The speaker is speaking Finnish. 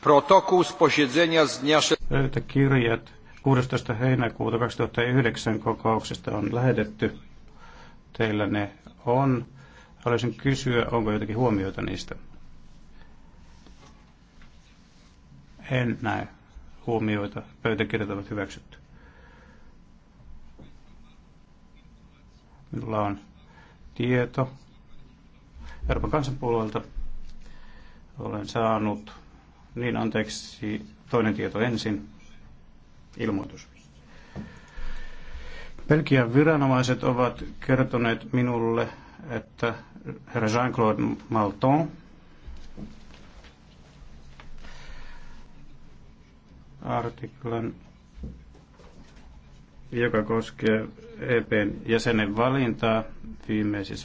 Protokół z posiedzenia z dnia... Pöytäkirjat 16. heinäkuuta 2009 kokouksesta on lähetetty. Teillä ne on. Haluaisin kysyä, onko jotakin huomioita niistä? En näe huomioita. Pöytäkirjat ovat hyväksytty. Minulla on tieto Euroopan kansanpuolelta. Olen saanut niin anteeksi, toinen tieto ensin. Ilmoitus. Belgian viranomaiset ovat kertoneet minulle, että herra Jean-Claude Malton artiklan, joka koskee EPn jäsenen valintaa viimeisissä